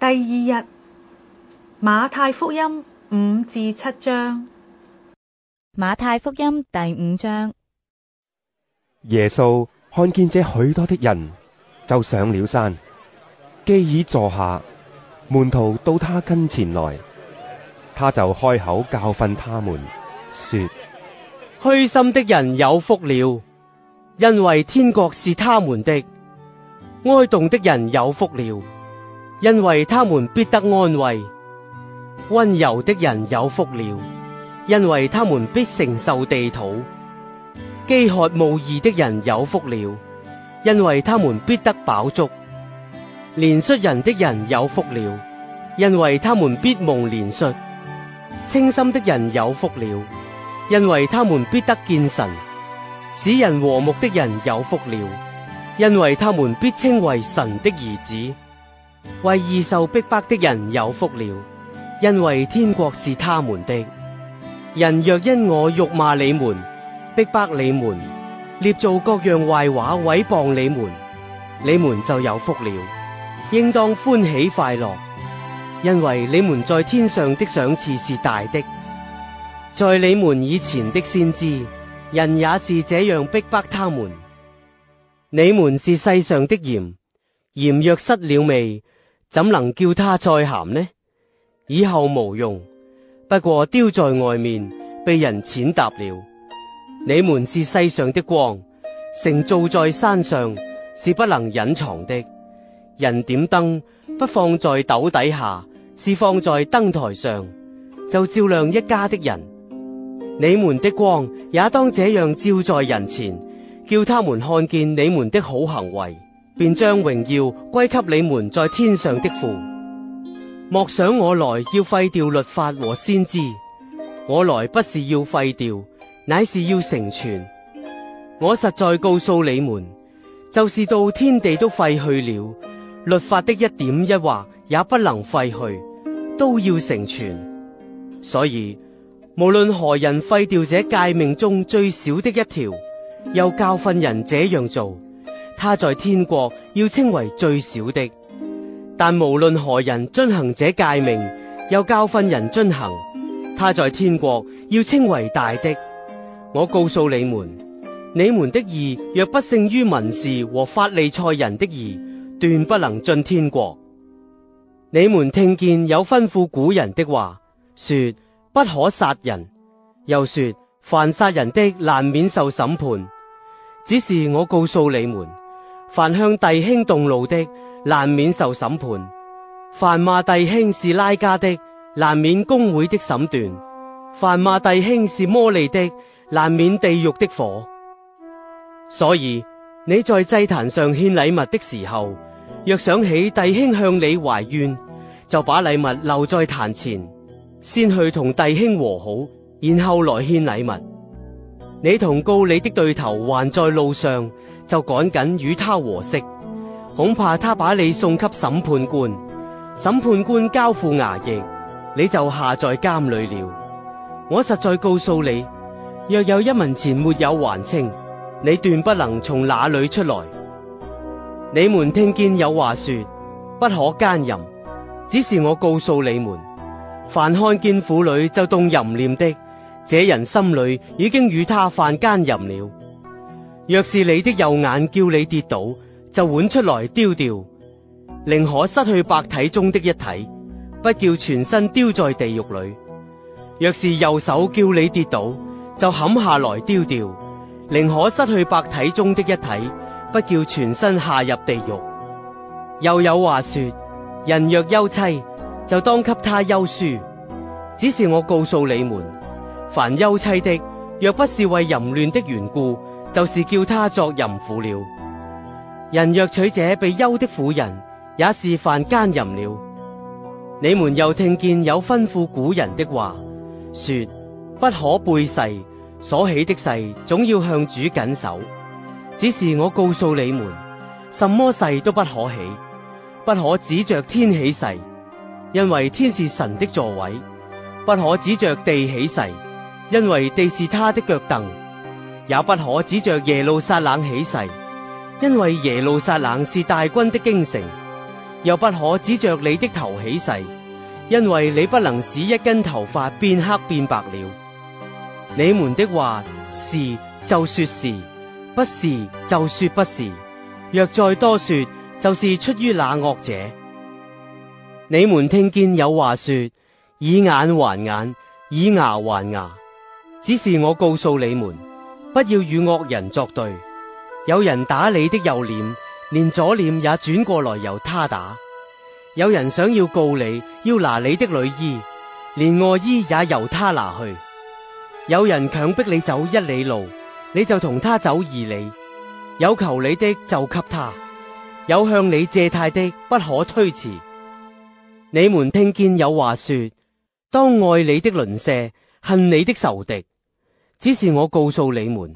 第二日，馬太福音五至七章，馬太福音第五章，耶穌看見這許多的人，就上了山，既已坐下，門徒到他跟前來，他就開口教訓他們，說：虛心的人有福了，因為天國是他們的；哀慟的人有福了。因為他們必得安慰，溫柔的人有福了，因為他們必承受地土；飢渴慕義的人有福了，因為他們必得飽足；憐恤人的人有福了，因為他們必蒙憐恤；清心的人有福了，因為他們必得見神；使人和睦的人有福了，因為他們必稱為神的兒子。為義受逼迫的人有福了，因為天國是他們的。人若因我辱罵你們、逼迫你們、捏造各樣壞話毀謗你們，你們就有福了。應當歡喜快樂，因為你們在天上的賞賜是大的。在你們以前的先知，人也是這樣逼迫他們。你們是世上的鹽。鹽若失了味，怎能叫它再鹹呢？以後無用。不過丟在外面，被人踐踏了。你們是世上的光，城造在山上，是不能隱藏的。人點燈，不放在斗底下，是放在燈台上，就照亮一家的人。你們的光也當這樣照在人前，叫他們看見你們的好行為。便將榮耀歸給你們在天上的父。莫想我來要廢掉律法和先知，我來不是要廢掉，乃是要成全。我實在告訴你們，就是到天地都廢去了，律法的一點一畫也不能廢去，都要成全。所以，無論何人廢掉這誡命中最小的一條，又教訓人這樣做。他在天國要稱為最小的，但無論何人遵行這誡命，又教訓人遵行，他在天國要稱為大的。我告訴你們，你們的義若不勝於文士和法利賽人的義，斷不能進天國。你們聽見有吩咐古人的話，說不可殺人，又說凡殺人的難免受審判。只是我告訴你們。凡向弟兄動怒的，難免受審判；凡罵弟兄是拉加的，難免公會的審斷；凡罵弟兄是魔利的，難免地獄的火。所以你在祭壇上獻禮物的時候，若想起弟兄向你懷怨，就把禮物留在壇前，先去同弟兄和好，然後來獻禮物。你同告你的對頭還在路上。就趕緊與他和息，恐怕他把你送給審判官，審判官交付衙役，你就下在監裏了。我實在告訴你，若有一文錢沒有還清，你斷不能從那裏出來。你們聽見有話說不可奸淫，只是我告訴你們，凡看見婦女就動淫念的，這人心裏已經與他犯奸淫了。若是你的右眼叫你跌倒，就剜出來丟掉，寧可失去百體中的一體，不叫全身丟在地獄裏；若是右手叫你跌倒，就砍下來丟掉，寧可失去百體中的一體，不叫全身下入地獄。又有話說：人若休妻，就當給他休書。只是我告訴你們，凡休妻的，若不是為淫亂的緣故，就是叫他作淫婦了。人若娶這被休的婦人，也是犯奸淫了。你們又聽見有吩咐古人的話，說：不可背誓，所起的誓總要向主謹守。只是我告訴你們，什麼誓都不可起，不可指着天起誓，因為天是神的座位；不可指着地起誓，因為地是他的腳凳。也不可指着耶路撒冷起誓，因為耶路撒冷是大軍的京城；又不可指着你的頭起誓，因為你不能使一根頭髮變黑變白了。你們的話是就說是，不是就說不是。若再多說，就是出於那惡者。你們聽見有話說以眼還眼，以牙還牙，只是我告訴你們。不要與惡人作對。有人打你的右臉，連左臉也轉過來由他打；有人想要告你，要拿你的女衣，連外衣也由他拿去。有人強迫你走一里路，你就同他走二里。有求你的就給他，有向你借貸的，不可推辭。你們聽見有話說：當愛你的鄰舍，恨你的仇敵。只是我告訴你們，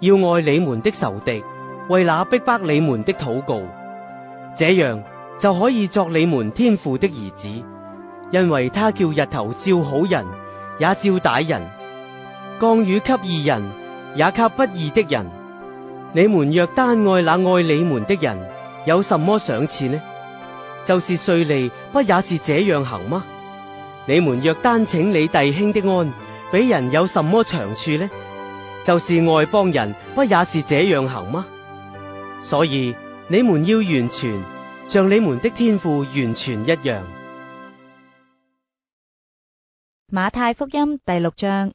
要愛你們的仇敵，為那逼迫你們的禱告，這樣就可以作你們天父的兒子。因為他叫日頭照好人也照歹人，降雨給義人也給不義的人。你們若單愛那愛你們的人，有什麼賞賜呢？就是稅吏，不也是這樣行嗎？你們若單請你弟兄的安，比人有什麼長處呢？就是外邦人不也是這樣行嗎？所以你們要完全像你們的天父完全一樣。馬太福音第六章，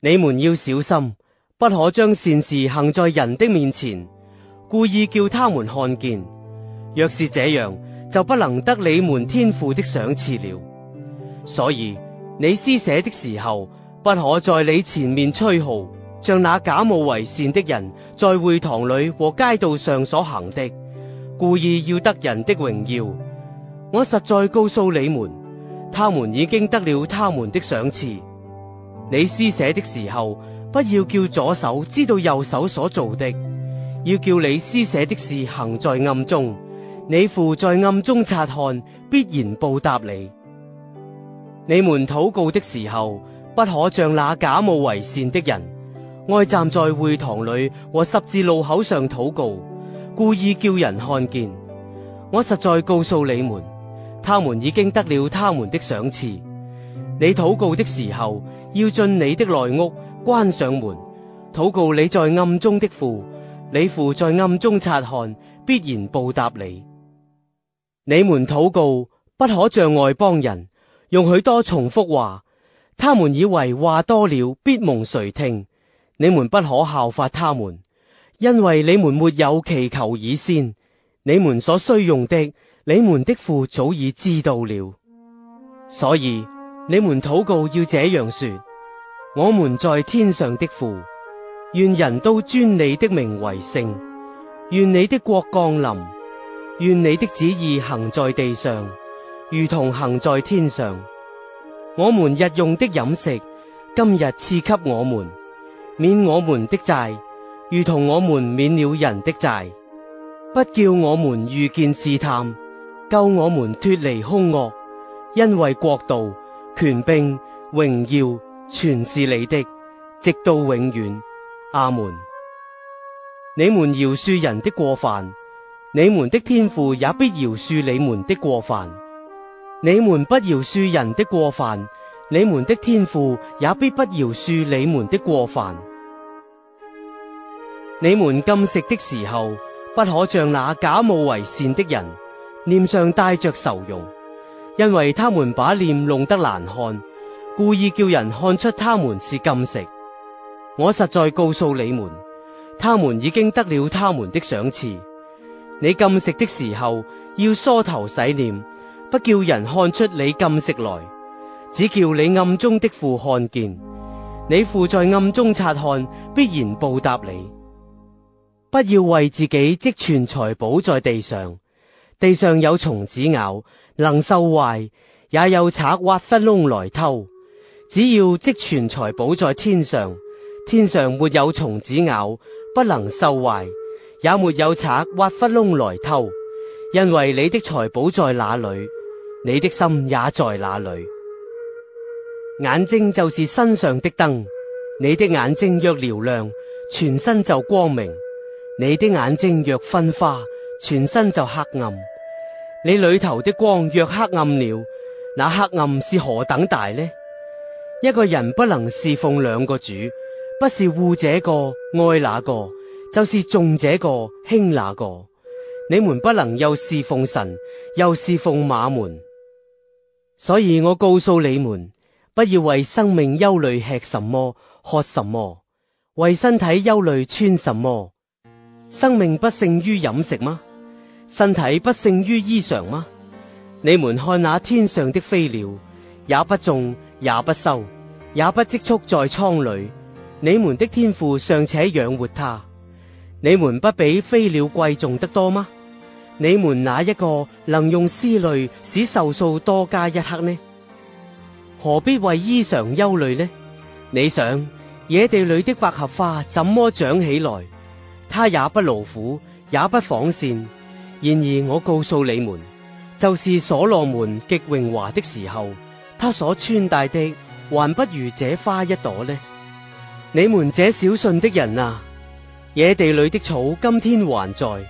你們要小心，不可將善事行在人的面前，故意叫他們看見。若是這樣，就不能得你們天父的賞賜了。所以。你施捨的時候，不可在你前面吹號，像那假冒為善的人在會堂裏和街道上所行的，故意要得人的榮耀。我實在告訴你們，他們已經得了他們的賞賜。你施捨的時候，不要叫左手知道右手所做的，要叫你施捨的事行在暗中。你父在暗中察看，必然報答你。你們禱告的時候，不可像那假冒為善的人，愛站在會堂裏和十字路口上禱告，故意叫人看見。我實在告訴你們，他們已經得了他們的賞賜。你禱告的時候，要進你的內屋，關上門，禱告你在暗中的父，你父在暗中察看，必然報答你。你們禱告，不可像外邦人。用許多重複話，他們以為話多了必蒙垂聽，你們不可效法他們，因為你們沒有祈求以先，你們所需用的，你們的父早已知道了。所以你們禱告要這樣說：我們在天上的父，願人都尊你的名為聖，願你的國降臨，願你的旨意行在地上。如同行在天上，我們日用的飲食，今日賜給我們，免我們的債，如同我們免了人的債，不叫我們遇見試探，救我們脫離兇惡，因為國度、權柄、榮耀，全是你的，直到永遠。阿門。你們饒恕人的過犯，你們的天父也必饒恕你們的過犯。你們不饒恕人的過犯，你們的天父也必不饒恕你們的過犯。你們禁食的時候，不可像那假冒為善的人，臉上帶着愁容，因為他們把臉弄得難看，故意叫人看出他們是禁食。我實在告訴你們，他們已經得了他們的賞賜。你禁食的時候，要梳頭洗臉。不叫人看出你禁食來，只叫你暗中的父看見。你父在暗中察看，必然報答你。不要為自己積存財寶在地上，地上有蟲子咬，能受壞；也有賊挖窟窿來偷。只要積存財寶在天上，天上沒有蟲子咬，不能受壞，也沒有賊挖窟窿來偷。因為你的財寶在哪裏？你的心也在哪裏，眼睛就是身上的燈。你的眼睛若瞭亮，全身就光明；你的眼睛若昏花，全身就黑暗。你裏頭的光若黑暗了，那黑暗是何等大呢？一個人不能侍奉兩個主，不是護這個愛那個，就是重這個輕那個。你們不能又侍奉神，又侍奉馬門。所以我告訴你們，不要為生命憂慮，吃什麼，喝什麼；為身體憂慮，穿什麼。生命不勝於飲食嗎？身體不勝於衣裳嗎？你們看那天上的飛鳥，也不種，也不收，也不積蓄在倉裏，你們的天父尚且養活它，你們不比飛鳥貴重得多嗎？你們哪一個能用思慮使壽數多加一刻呢？何必為衣裳憂慮呢？你想野地裏的百合花怎麼長起來？它也不勞苦，也不紡線。然而我告訴你們，就是所羅門極榮華的時候，他所穿戴的，還不如這花一朵呢。你們這小信的人啊，野地裏的草今天還在。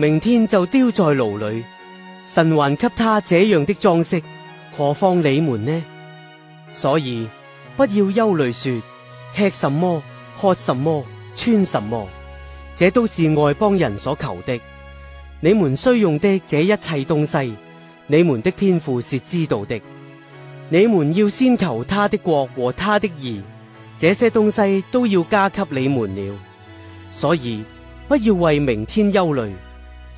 明天就丟在爐裏，神還給他這樣的裝飾，何況你們呢？所以不要憂慮，說吃什麼、喝什麼、穿什麼，這都是外邦人所求的。你們需要用的這一切東西，你們的天父是知道的。你們要先求他的國和他的義，這些東西都要加給你們了。所以不要為明天憂慮。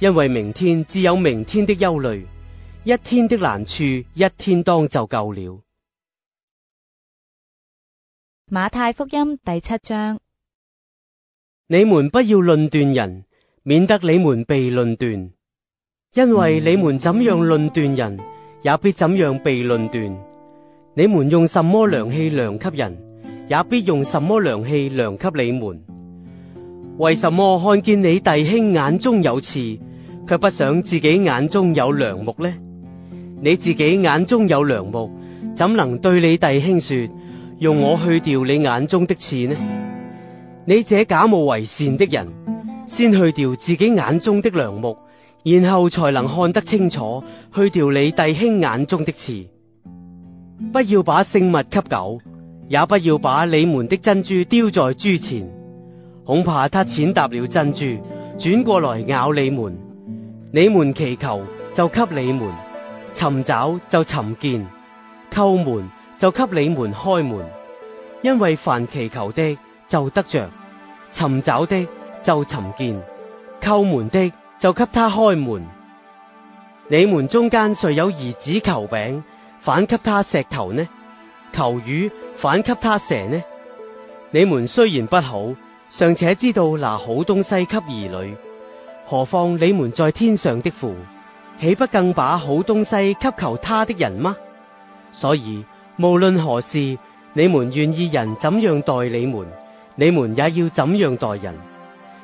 因為明天只有明天的憂慮，一天的難處一天當就夠了。馬太福音第七章：你們不要論斷人，免得你們被論斷。因為你們怎樣論斷人，也必怎樣被論斷。你們用什麼量器量給人，也必用什麼量器量給你們。為什麼看見你弟兄眼中有刺？卻不想自己眼中有梁木呢？你自己眼中有梁木，怎能對你弟兄說用我去掉你眼中的刺呢？你這假冒為善的人，先去掉自己眼中的梁木，然後才能看得清楚，去掉你弟兄眼中的刺。不要把聖物給狗，也不要把你們的珍珠丟在豬前，恐怕他踐踏了珍珠，轉過來咬你們。你們祈求，就給你們尋找，就尋見叩門，就給你們開門。因為凡祈求的就得着，尋找的就尋見，叩門的就給他開門。你們中間誰有兒子求餅，餅反給他石頭呢？求魚反給他蛇呢？你們雖然不好，尚且知道拿好東西給兒女。何況你們在天上的父，豈不更把好東西給求他的人嗎？所以無論何事，你們願意人怎樣待你們，你們也要怎樣待人，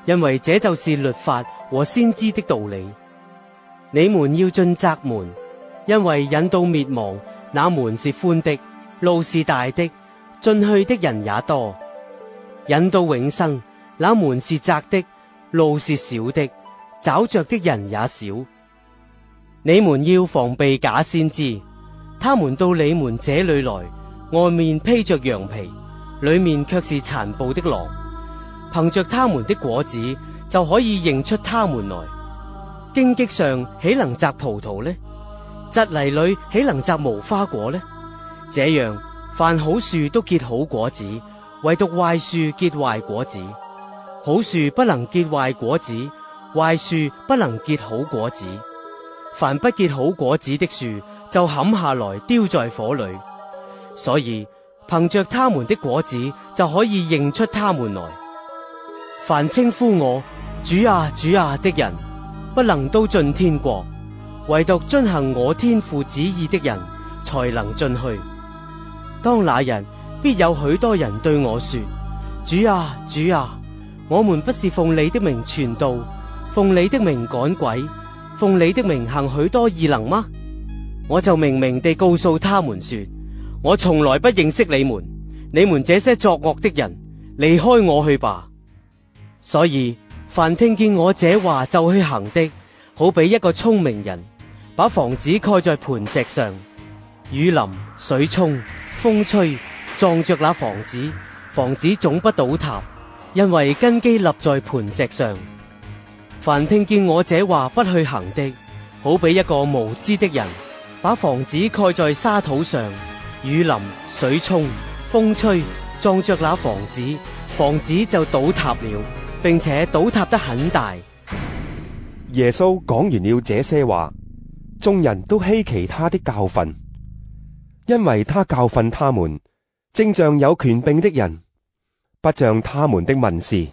因為這就是律法和先知的道理。你們要進窄門，因為引到滅亡，那門是寬的，路是大的，進去的人也多；引到永生，那門是窄的，路是小的。找着的人也少，你們要防備假先知，他們到你們這裏來，外面披着羊皮，裏面卻是殘暴的狼。憑着他們的果子就可以認出他們來。荊棘上豈能摘葡萄呢？蒺藜裏豈能摘無花果呢？這樣，凡好樹都結好果子，唯獨壞樹結壞果子。好樹不能結壞果子。壞樹不能結好果子，凡不結好果子的樹就砍下來丟在火裏。所以憑着他們的果子就可以認出他們來。凡稱呼我主啊主啊的人，不能都進天國，唯獨遵行我天父旨意的人才能進去。當那人必有許多人對我說：主啊主啊，我們不是奉你的名傳道？奉你的名趕鬼，奉你的名行許多異能嗎？我就明明地告訴他們說，我從來不認識你們，你們這些作惡的人，離開我去吧。所以凡聽見我這話就去行的，好比一個聰明人把房子蓋在磐石上，雨淋、水沖、風吹，撞着那房子，房子總不倒塌，因為根基立在磐石上。凡聽見我這話不去行的，好比一個無知的人，把房子蓋在沙土上，雨淋、水沖、風吹，撞着那房子，房子就倒塌了，並且倒塌得很大。耶穌講完了這些話，眾人都希奇他的教訓，因為他教訓他們，正像有權柄的人，不像他們的文士。